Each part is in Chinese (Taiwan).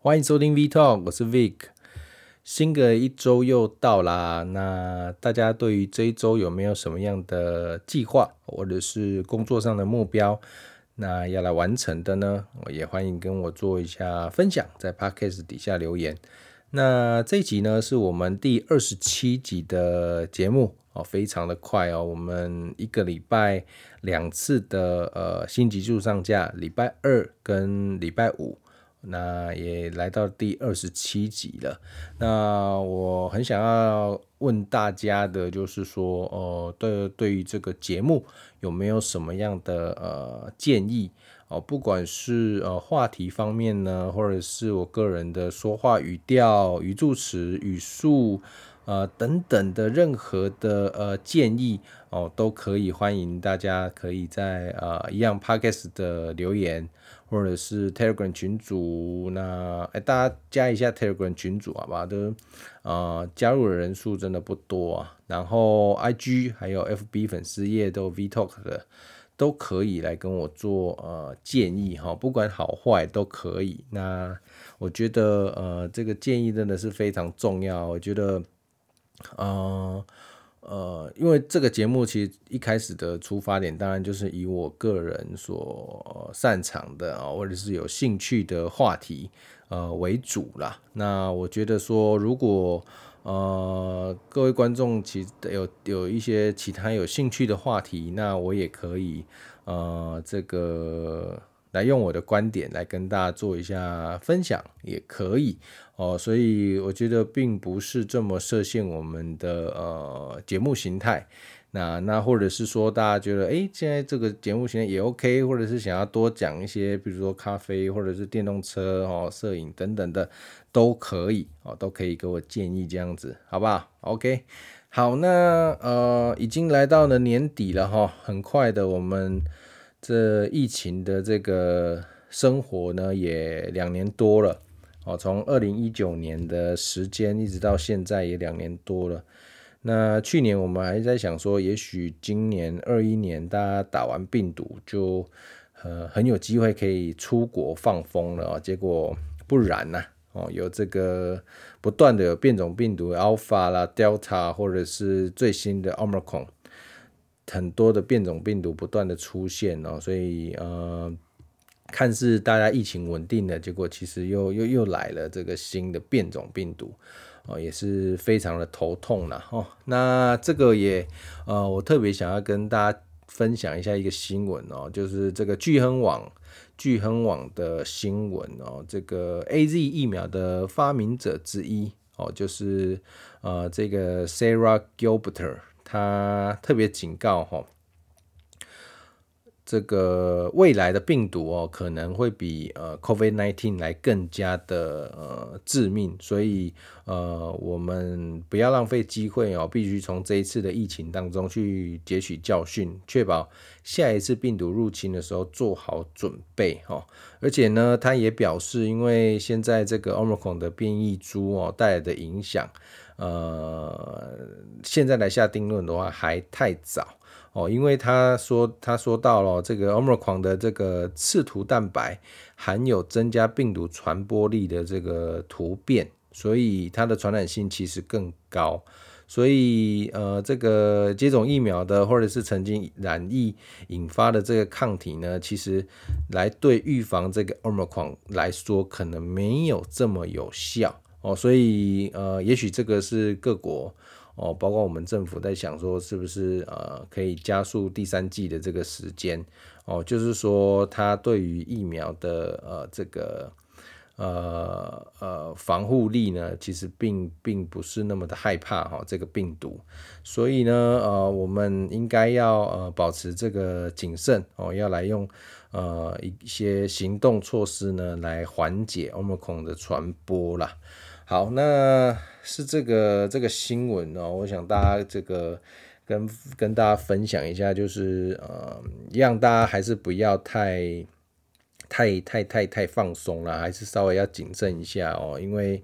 歡迎收聽 V Talk，我是 Vic。新的一周又到啦，那大家對於這一周有沒有什麼樣的計劃，或者是工作上的目標，那要來完成的呢？也歡迎跟我做一下分享，在 Podcast 底下留言。那這一集呢，是我們第二十七集的節目哦，非常的快哦，我們一個禮拜兩次的呃新集數上架，禮拜二跟禮拜五。那也來到第二十七集了。那我很想要問大家的，就是說，哦、呃，對，對於這個節目有沒有什麼樣的呃建議哦、呃？不管是呃話題方面呢，或者是我個人的說話語調、語助詞、語速呃等等的任何的呃建議哦、呃，都可以，歡迎大家可以在呃一樣 podcast 的留言。或者是 Telegram 群組，那誒、欸、大家加一下 Telegram 群組好吧？都啊、呃，加入的人數真的不多啊。然後 IG 還有 FB 粉絲頁都有 V Talk 的都可以來跟我做呃建議哈，不管好壞都可以。那我覺得呃這個建議真的是非常重要，我覺得嗯。呃呃，因為這個節目其實一開始的出發點，當然就是以我個人所擅長的啊，或者是有興趣的話題呃為主啦。那我覺得說，如果呃各位觀眾其實有有一些其他有興趣的話題，那我也可以呃這個。來用我的觀點來跟大家做一下分享也可以哦，所以我覺得並不是這麼設限我們的呃節目形態。那那或者是說大家覺得哎，現在這個節目形態也 OK，或者是想要多講一些，比如說咖啡或者是電動車哦、攝影等等的都可以哦，都可以給我建議這樣子，好不好？OK，好，那呃已經來到了年底了哈、哦，很快的我們。這疫情的這個生活呢，也兩年多了哦，從二零一九年的時間一直到現在也兩年多了。那去年我們還在想說，也許今年二一年大家打完病毒就，就呃很有機會可以出國放風了哦。結果不然吶、啊、哦，有這個不斷的有變種病毒，Alpha 啦、Delta 或者是最新的 Omicron。很多的變種病毒不斷的出現哦，所以呃，看似大家疫情穩定的結果，其實又又又來了這個新的變種病毒哦、呃，也是非常的頭痛了哦。那這個也呃，我特別想要跟大家分享一下一個新聞哦、呃，就是這個巨亨網巨亨網的新聞哦、呃，這個 A Z 疫苗的發明者之一哦、呃，就是呃這個 Sarah Gilbert。他特別警告哈，這個未來的病毒哦，可能會比呃 COVID-19 來更加的呃致命，所以呃，我們不要浪費機會哦，必須從這一次的疫情當中去汲取教訓，確保下一次病毒入侵的時候做好準備哈。而且呢，他也表示，因為現在這個 Omicron 的變異株哦帶來的影響。呃，現在來下定論的話還太早哦，因為他說他說到了這個奧密克戎的這個刺突蛋白含有增加病毒傳播力的這個突變，所以它的傳染性其實更高。所以呃，這個接種疫苗的或者是曾經染疫引發的這個抗體呢，其實來對預防這個奧密克戎來說可能沒有這麼有效。哦，所以呃，也許這個是各國哦，包括我們政府在想說，是不是呃，可以加速第三劑的這個時間哦，就是說，它對於疫苗的呃這個呃呃防護力呢，其實並並不是那麼的害怕哈、哦，這個病毒，所以呢，呃，我們應該要呃保持這個謹慎哦，要來用呃一些行動措施呢，來緩解 Omicron 的傳播啦。好，那是這個這個新聞哦，我想大家這個跟跟大家分享一下，就是呃，讓大家還是不要太太太太太放鬆啦，還是稍微要謹慎一下哦，因為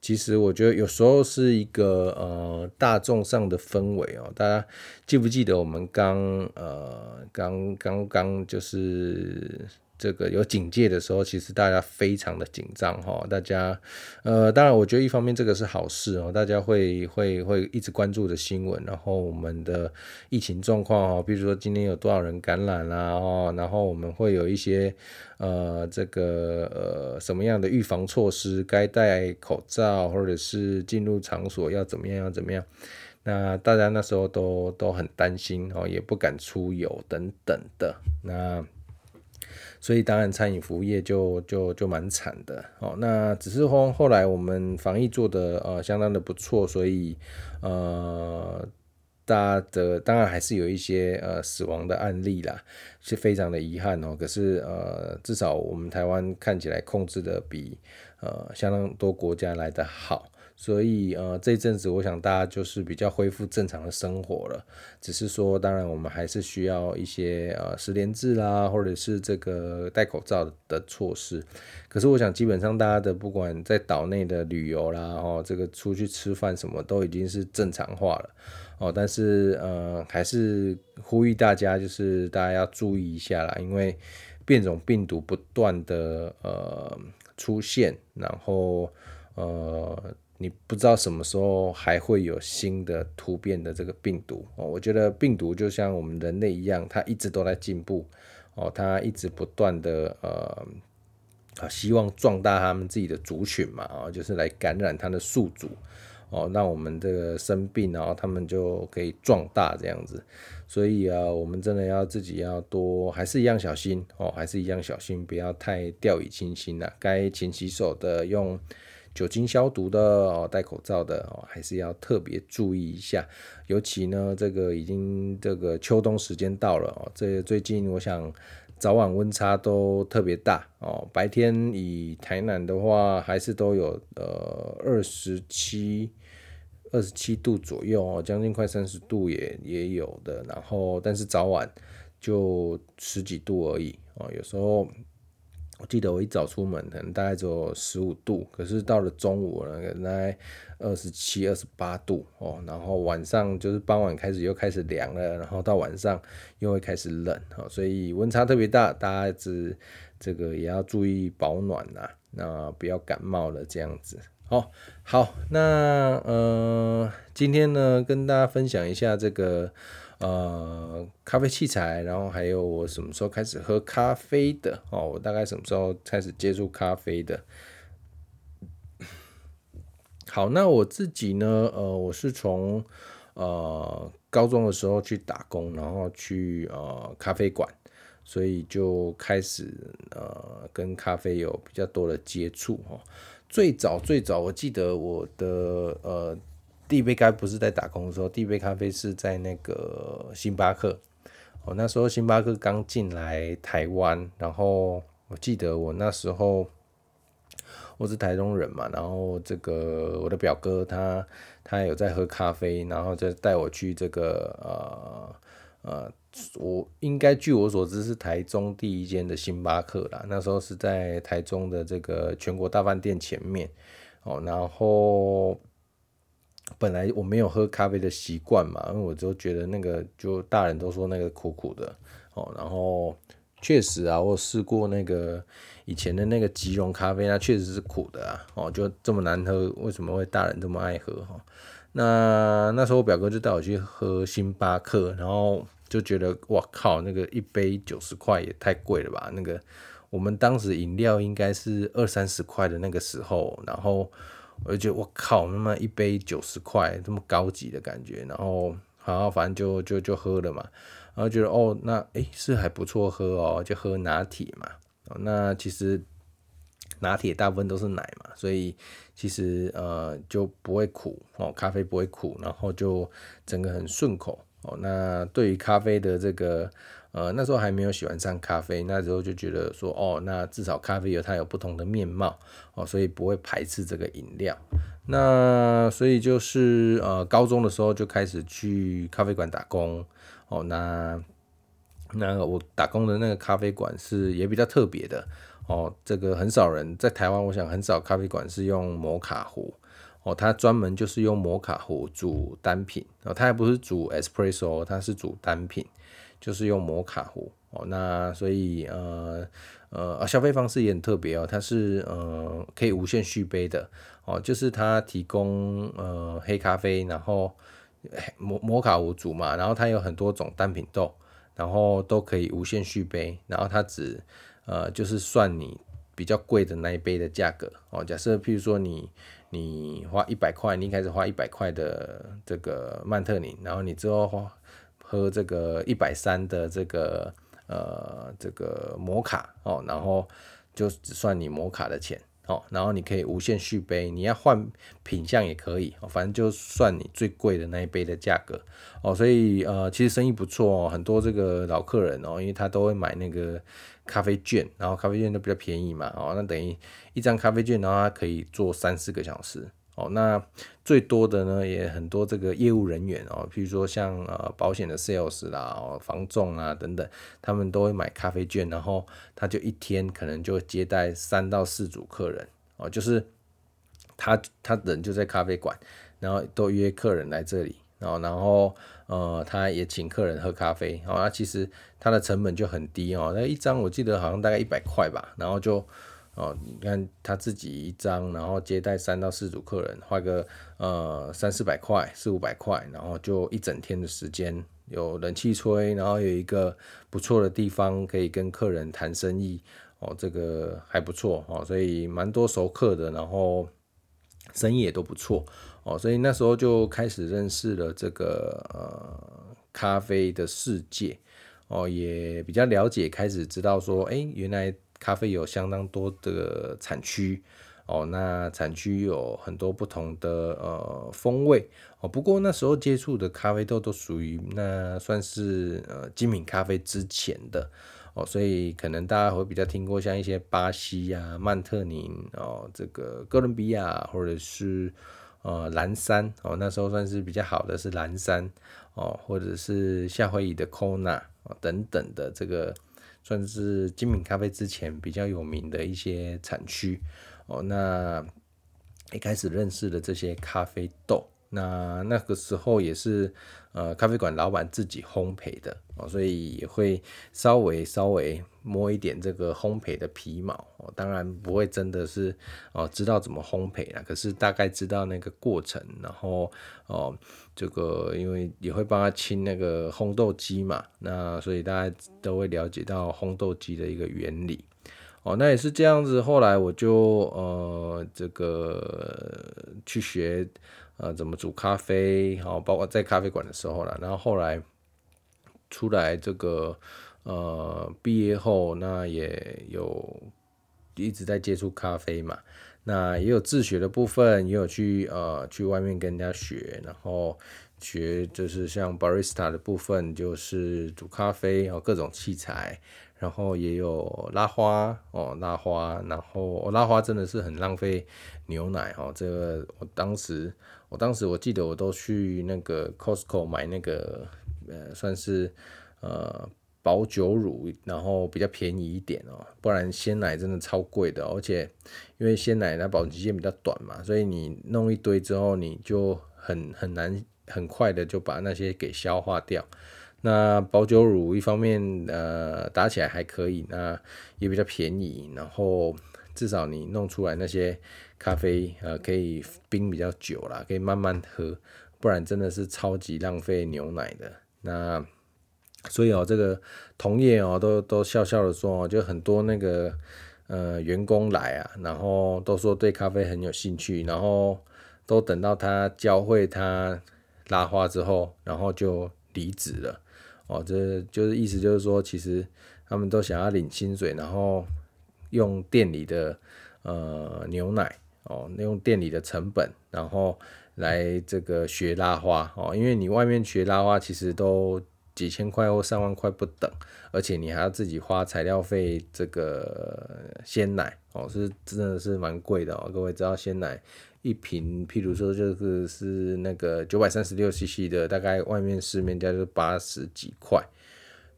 其實我覺得有時候是一個呃大眾上的氛圍哦，大家記不記得我們剛呃剛剛剛就是。這個有警戒的時候，其實大家非常的緊張哈。大家，呃，當然，我覺得一方面這個是好事哦，大家會會會一直關注着新聞，然後我們的疫情狀況哦，比如說今天有多少人感染啦，啊，然後我們會有一些呃這個呃什麼樣的預防措施，該戴口罩或者是進入場所要怎麼樣要怎麼樣。那大家那時候都都很擔心，也不敢出遊等等的那。所以當然，餐飲服務業就就就蠻慘的哦。那只是後後來我們防疫做得呃相當的不錯，所以呃，大家的當然還是有一些呃死亡的案例啦，是非常的遺憾哦。可是呃，至少我們台灣看起來控制的比呃相當多國家來的好。所以呃，這陣子，我想大家就是比較恢復正常的生活了。只是說，當然我們還是需要一些呃實聯制啦，或者是這個戴口罩的措施。可是我想，基本上大家的不管在島內的旅遊啦，哦，這個出去吃飯什麼，都已經是正常化了哦。但是呃，還是呼籲大家，就是大家要注意一下啦，因為變種病毒不斷的呃出現，然後呃。你不知道什麼時候還會有新的突變的這個病毒哦，我覺得病毒就像我們人類一樣，它一直都在進步哦，它一直不斷的呃啊，希望壯大他們自己的族群嘛啊、哦，就是來感染它的宿主哦，讓我們這個生病，然、哦、後他們就可以壯大這樣子。所以啊、呃，我們真的要自己要多還是一樣小心哦，還是一樣小心，不要太掉以輕心了、啊，該勤洗手的用。酒精消毒的哦，戴口罩的哦，還是要特別注意一下。尤其呢，這個已經這個秋冬時間到了哦，這最近我想早晚溫差都特別大哦。白天以台南的話，還是都有呃二十七、二十七度左右哦，將近快三十度也也有的。然後但是早晚就十幾度而已，有時候。我記得我一早出門，可能大概只有十五度，可是到了中午呢，可能二十七、二十八度哦。然後晚上就是傍晚開始又開始涼了，然後到晚上又會開始冷哦，所以溫差特別大，大家只這個也要注意保暖吶，那不要感冒了這樣子。哦。好，那呃，今天呢，跟大家分享一下這個。呃，咖啡器材，然後還有我什麼時候開始喝咖啡的哦，我大概什麼時候開始接觸咖啡的？好，那我自己呢？呃，我是從呃高中的時候去打工，然後去呃咖啡館，所以就開始呃跟咖啡有比較多的接觸哦，最早最早我記得我的呃。第一杯咖不是在打工的時候，第一杯咖啡是在那個星巴克。哦，那時候星巴克剛進來台灣，然後我記得我那時候我是台中人嘛，然後這個我的表哥他他有在喝咖啡，然後就帶我去這個呃呃，我應該據我所知是台中第一間的星巴克啦。那時候是在台中的這個全國大飯店前面，哦，然後。本來我沒有喝咖啡的習慣嘛，因為我就覺得那個就大人都說那個苦苦的哦、喔，然後確實啊，我試過那個以前的那個即溶咖啡，那確實是苦的啊，哦、喔，就這麼難喝，為什麼會大人這麼愛喝哦、喔，那那時候我表哥就帶我去喝星巴克，然後就覺得哇靠，那個一杯九十塊也太貴了吧？那個我們當時飲料應該是二三十塊的那個時候，然後。而且我就覺得我靠，那麼一杯九十塊，這麼高級的感覺，然後好，反正就就就喝了嘛。然後覺得哦，那誒、欸、是還不錯喝哦、喔，就喝拿鐵嘛。那其實拿鐵大部分都是奶嘛，所以其實呃就不會苦哦，咖啡不會苦，然後就整個很順口哦。那對於咖啡的這個。呃，那時候還沒有喜歡上咖啡，那時候就覺得說，哦，那至少咖啡有它有不同的面貌，哦，所以不會排斥這個飲料。那所以就是，呃，高中的時候就開始去咖啡館打工，哦，那，那個我打工的那個咖啡館是也比較特別的，哦，這個很少人在台灣，我想很少咖啡館是用摩卡壺，哦，它專門就是用摩卡壺煮單品，哦，它還不是煮 Espresso，它是煮單品。就是用摩卡壺哦，那所以呃呃消費方式也很特別哦，它是呃可以無限續杯的哦，就是它提供呃黑咖啡，然後、欸、摩摩卡壺煮嘛，然後它有很多種單品豆，然後都可以無限續杯，然後它只呃就是算你比較貴的那一杯的價格哦。假設譬如說你你花一百塊，你一開始花一百塊的這個曼特寧，然後你之後花。喝這個一百三的這個呃這個摩卡哦、喔，然後就只算你摩卡的錢哦、喔，然後你可以無限續杯，你要換品項也可以、喔，反正就算你最貴的那一杯的價格哦、喔，所以呃其實生意不錯哦，很多這個老客人哦、喔，因為他都會買那個咖啡券，然後咖啡券都比較便宜嘛哦、喔，那等於一張咖啡券，然後他可以做三四個小時。哦，那最多的呢，也很多這個業務人員哦，譬如說像呃保險的 sales 啦，哦，房仲啊等等，他們都會買咖啡券，然後他就一天可能就接待三到四組客人哦，就是他他人就在咖啡館，然後都約客人來這裡，哦、然後然後呃他也請客人喝咖啡、哦，那其實他的成本就很低哦，那一張我記得好像大概一百塊吧，然後就。哦，你看他自己一張，然後接待三到四組客人，花個呃三四百塊、四五百塊，然後就一整天的時間，有冷氣吹，然後有一個不錯的地方可以跟客人談生意，哦，這個還不錯哦，所以蠻多熟客的，然後生意也都不錯哦，所以那時候就開始認識了這個呃咖啡的世界，哦，也比較了解，開始知道說，誒、欸，原來。咖啡有相當多的產區哦，那產區有很多不同的呃風味哦。不過那時候接觸的咖啡豆都屬於那算是呃精品咖啡之前的哦，所以可能大家會比較聽過像一些巴西呀、啊、曼特寧哦，這個哥倫比亞或者是呃藍山哦，那時候算是比較好的是藍山哦，或者是夏威夷的科納啊、哦、等等的這個。算是精品咖啡之前比較有名的一些產區哦，那一開始認識的這些咖啡豆。那那個時候也是，呃，咖啡館老板自己烘焙的哦，所以也會稍微稍微摸一點這個烘焙的皮毛哦，當然不會真的是哦知道怎麼烘焙啦，可是大概知道那個過程，然後哦這個因為也會幫他清那個烘豆機嘛，那所以大家都會了解到烘豆機的一個原理哦，那也是這樣子，後來我就呃這個去學。呃，怎麼煮咖啡？好、哦，包括在咖啡館的時候了。然後後來出來這個呃，畢業後那也有一直在接觸咖啡嘛。那也有自學的部分，也有去呃去外面跟人家學，然後學就是像 barista 的部分，就是煮咖啡，然後、哦、各種器材，然後也有拉花哦，拉花，然後、哦、拉花真的是很浪費牛奶哦。這個我當時，我當時我記得我都去那個 Costco 買那個呃，算是呃。保酒乳，然後比較便宜一點哦，不然鮮奶真的超貴的，而且因為鮮奶它保質期比較短嘛，所以你弄一堆之後，你就很很難很快的就把那些給消化掉。那保久乳一方面呃打起來還可以，那也比較便宜，然後至少你弄出來那些咖啡呃可以冰比較久啦，可以慢慢喝，不然真的是超級浪費牛奶的。那所以哦，這個同業哦，都都笑笑的說哦，就很多那個呃員工來啊，然後都說對咖啡很有興趣，然後都等到他教會他拉花之後，然後就離職了哦。這就是意思，就是說其實他們都想要領薪水，然後用店裡的呃牛奶哦，那用店裡的成本，然後來這個學拉花哦，因為你外面學拉花其實都。幾千塊或上萬塊不等，而且你還要自己花材料費，這個鮮奶哦是真的是蠻貴的哦、喔。各位知道鮮奶一瓶，譬如說就是是那個九百三十六 cc 的，大概外面市面價就八十幾塊。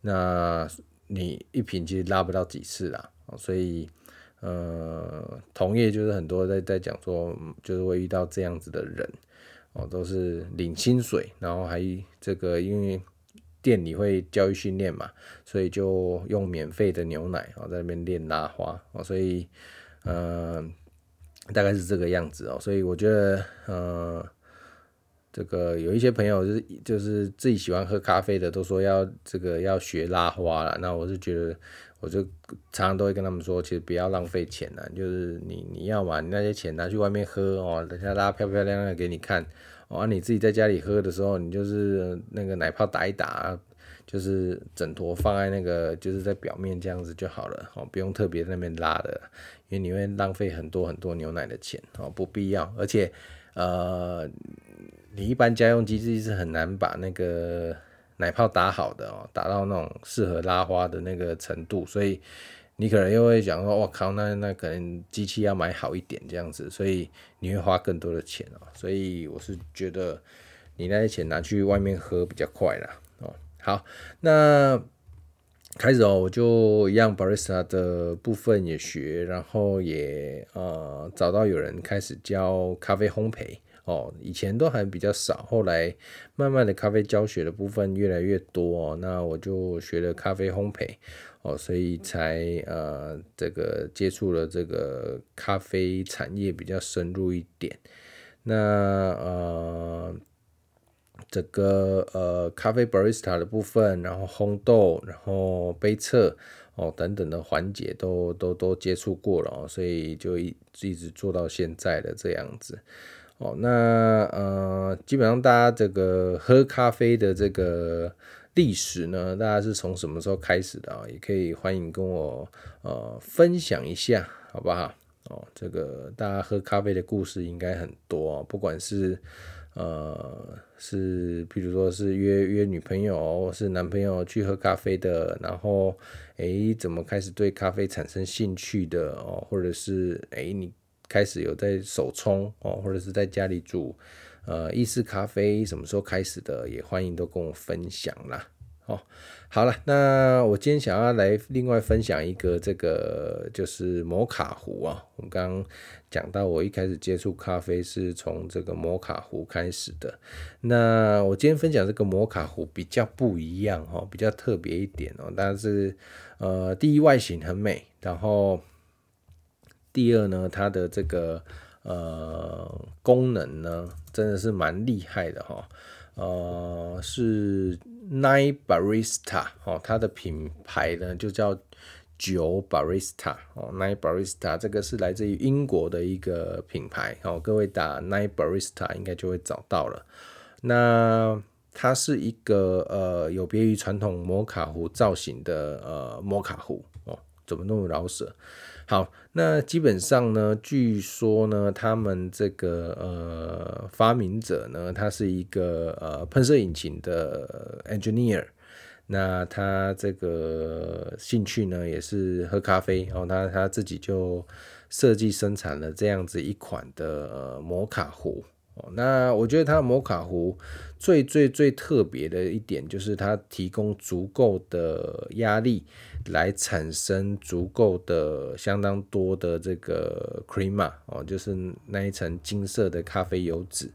那你一瓶其實拉不到幾次啦，所以呃、嗯、同業就是很多在在講說，就是會遇到這樣子的人哦，都是領薪水，然後還這個因為。店裡會教育訓練嘛，所以就用免費的牛奶哦，在那邊練拉花哦，所以嗯、呃，大概是這個樣子哦、喔，所以我覺得嗯、呃，這個有一些朋友就是就是自己喜歡喝咖啡的，都說要這個要學拉花啦，那我是覺得我就常常都會跟他們說，其實不要浪費錢啦，就是你你要把那些錢拿去外面喝哦、喔，等下拉漂漂亮亮的給你看。哦，啊、你自己在家裡喝的時候，你就是那個奶泡打一打，就是整坨放在那個，就是在表面這樣子就好了。哦，不用特別在那邊拉的，因為你會浪費很多很多牛奶的錢。哦，不必要，而且，呃，你一般家用機器是很難把那個奶泡打好的哦，打到那種適合拉花的那個程度，所以。你可能又會想說，我靠，那那可能機器要買好一點這樣子，所以你會花更多的錢哦、喔。所以我是覺得，你那些錢拿去外面喝比較快啦。哦、嗯喔，好，那開始哦、喔，我就一樣 Barista 的部分也學，然後也呃找到有人開始教咖啡烘焙。哦，以前都還比較少，後來慢慢的咖啡教學的部分越來越多哦。那我就學了咖啡烘焙哦，所以才呃這個接觸了這個咖啡產業比較深入一點。那呃這個呃咖啡 barista 的部分，然後烘豆，然後杯測哦、呃、等等的環節都都都接觸過了哦，所以就一一直做到現在的這樣子。哦，那呃，基本上大家這個喝咖啡的這個歷史呢，大家是從什麼時候開始的啊、哦？也可以歡迎跟我呃分享一下，好不好？哦，這個大家喝咖啡的故事應該很多、哦，不管是呃是，比如說是約約女朋友、或是男朋友去喝咖啡的，然後哎怎麼開始對咖啡產生興趣的哦，或者是哎你。開始有在手沖哦，或者是在家裡煮呃意式咖啡，什麼時候開始的也歡迎都跟我分享啦。哦，好了，那我今天想要來另外分享一個這個就是摩卡壺啊。我們剛剛講到，我一開始接觸咖啡是從這個摩卡壺開始的。那我今天分享這個摩卡壺比較不一樣哦，比較特別一點哦。但是呃，第一外形很美，然後。第二呢，它的這個呃功能呢，真的是蠻厲害的哈、哦，呃是 Nine Barista 哦，它的品牌呢就叫九 Barista 哦，Nine Barista 這個是來自於英國的一個品牌哦，各位打 Nine Barista 應該就會找到了。那它是一個呃有別於傳統摩卡壺造型的呃摩卡壺哦，怎麼那麼饒舌？好，那基本上呢，據說呢，他們這個呃發明者呢，他是一個呃噴射引擎的 engineer，那他這個興趣呢也是喝咖啡然後、哦、他他自己就設計生產了這樣子一款的、呃、摩卡壺。那我覺得它摩卡壺最最最特別的一點，就是它提供足夠的壓力來產生足夠的相當多的這個 crema 哦、er，就是那一層金色的咖啡油脂。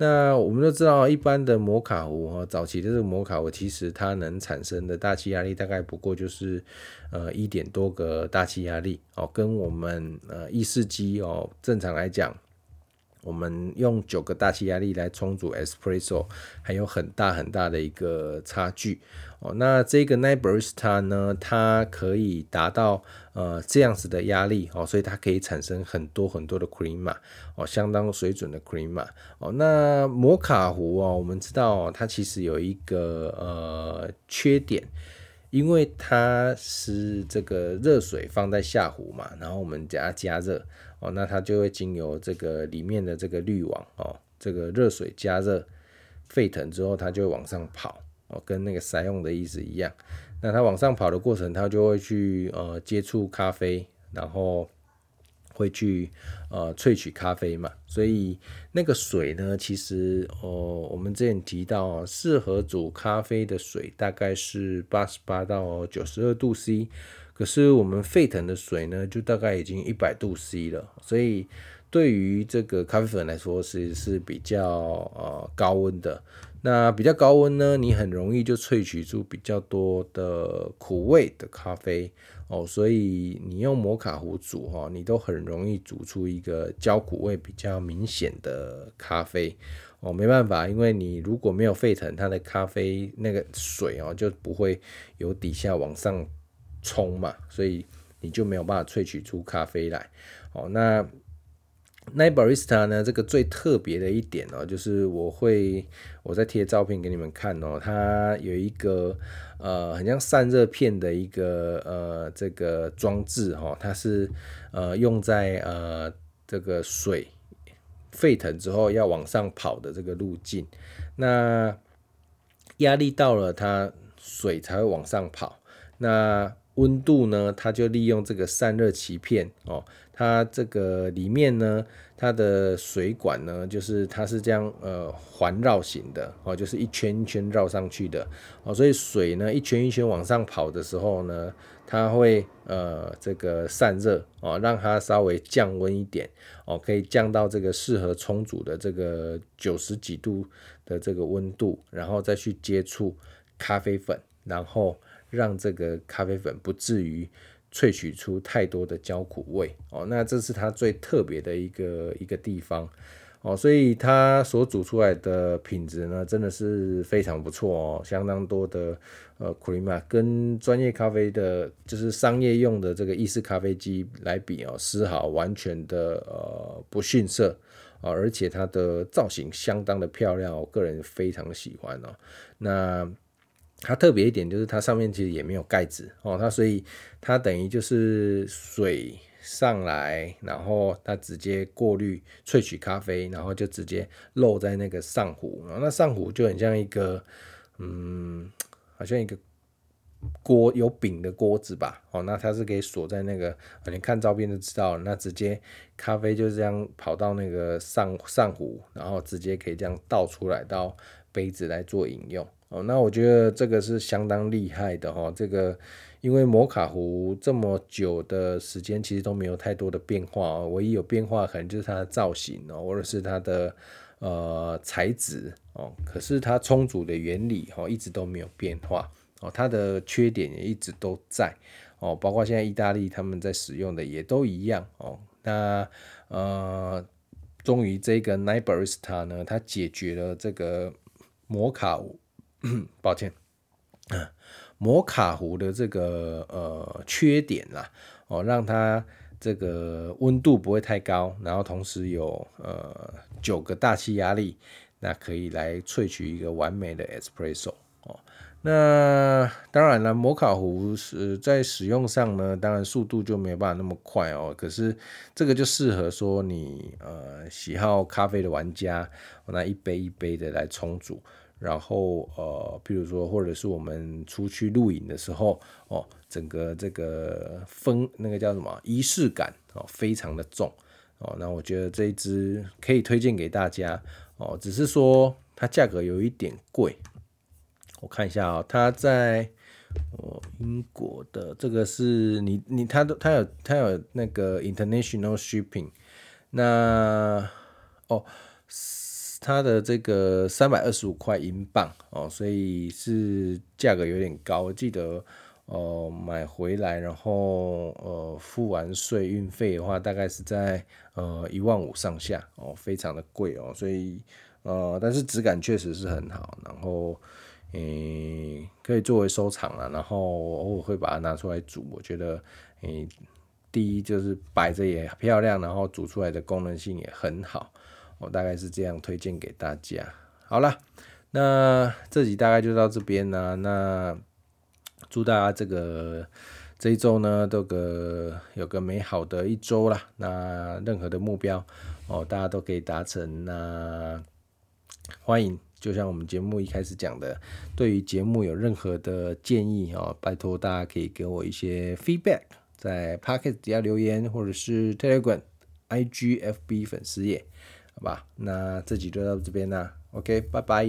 那我們都知道，一般的摩卡壺啊，早期的這個摩卡壺其實它能產生的大氣壓力大概不過就是呃一點多個大氣壓力哦，跟我們呃意式機哦正常來講。我們用九個大氣壓力來充足 espresso，還有很大很大的一個差距哦。那這個 9Barista 呢？它可以達到呃這樣子的壓力哦，所以它可以產生很多很多的 crema 哦，相當水準的 crema 哦。那摩卡壺哦，我們知道、哦、它其實有一個呃缺點。因為它是這個熱水放在下壺嘛，然後我們給它加熱哦，那它就會經由這個裡面的這個濾網哦，這個熱水加熱沸騰之後，它就會往上跑哦，跟那個 siphon 的意思一樣。那它往上跑的過程，它就會去呃接觸咖啡，然後。會去呃萃取咖啡嘛，所以那個水呢，其實哦、呃，我們之前提到，適合煮咖啡的水大概是八十八到九十二度 C，可是我們沸騰的水呢，就大概已經一百度 C 了，所以對於這個咖啡粉來說是，是是比較呃高溫的。那比較高溫呢，你很容易就萃取出比較多的苦味的咖啡。哦，所以你用摩卡壺煮哈，哦，你都很容易煮出一個焦苦味比較明顯的咖啡。哦，沒辦法，因為你如果沒有沸騰，它的咖啡那個水哦就不會由底下往上衝嘛，所以你就沒有辦法萃取出咖啡來。哦，那。9Barista 呢，這個最特別的一點哦、喔，就是我會我在貼照片給你們看哦、喔，它有一個呃，很像散熱片的一個呃這個裝置哈、喔，它是呃用在呃這個水沸騰之後要往上跑的這個路徑，那壓力到了它水才會往上跑，那溫度呢，它就利用這個散熱鰭片哦、喔。它這個裡面呢，它的水管呢，就是它是這樣呃環繞型的哦，就是一圈一圈繞上去的哦，所以水呢一圈一圈往上跑的時候呢，它會呃這個散熱哦，讓它稍微降溫一點哦，可以降到這個適合沖煮的這個九十幾度的這個溫度，然後再去接觸咖啡粉，然後讓這個咖啡粉不至於，萃取出太多的焦苦味哦，那這是它最特別的一個一個地方哦，所以它所煮出來的品質呢，真的是非常不錯哦，相當多的呃 crema，跟專業咖啡的，就是商業用的這個意式咖啡機來比哦，絲毫完全的呃不遜色啊、哦，而且它的造型相當的漂亮，我個人非常喜歡哦，那。它特別一點就是它上面其實也沒有蓋子哦，它所以它等於就是水上來，然後它直接過濾萃取咖啡，然後就直接漏在那個上壺，那上壺就很像一個嗯，好像一個鍋有柄的鍋子吧，哦，那它是可以鎖在那個，哦，你看照片就知道了，那直接咖啡就這樣跑到那個上上壺，然後直接可以這樣倒出來到杯子來做飲用。哦，那我覺得這個是相當厲害的哦，這個因為摩卡壺這麼久的時間，其實都沒有太多的變化哦。唯一有變化可能就是它的造型哦，或者是它的呃材質哦。可是它沖煮的原理哦，一直都沒有變化哦。它的缺點也一直都在哦。包括現在意大利，他們在使用的也都一樣哦。那呃，終於這個 9Barista 呢，它解決了這個摩卡壺。嗯， 抱歉，嗯，摩卡壺的這個呃缺點啦，哦，讓它這個溫度不會太高，然後同時有呃九個大氣壓力，那可以來萃取一個完美的 Espresso 哦。那當然了，摩卡壺是在使用上呢，當然速度就沒有辦法那麼快哦。可是這個就適合說你呃喜好咖啡的玩家，我拿一杯一杯的來沖煮。然後呃，比如說或者是我們出去露營的時候哦，整個這個風，那個叫什麼儀式感哦，非常的重哦。那我覺得這一支可以推薦給大家哦，只是說它價格有一點貴。我看一下啊，哦，它在哦英國的這個是你你它都它有它有那個 international shipping，那哦。它的這個三百二十五塊英鎊哦，所以是價格有點高。我記得哦、呃，買回來然後呃付完稅運費的話，大概是在呃一萬五上下哦，非常的貴哦。所以呃，但是質感確實是很好，然後嗯、呃、可以作為收藏啊，然後偶爾會把它拿出來煮，我覺得嗯、呃、第一就是擺着也漂亮，然後煮出來的功能性也很好。我大概是這樣推薦給大家。好了，那這集大概就到這邊啦。那祝大家這個這一周呢，都有個有個美好的一周啦。那任何的目標哦，大家都可以達成那、啊、歡迎，就像我們節目一開始講的，對於節目有任何的建議哦、喔，拜托大家可以給我一些 feedback，在 pocket 底下留言，或者是 Telegram IG FB 粉絲頁。好吧，那這集就到這邊啦。OK，拜拜。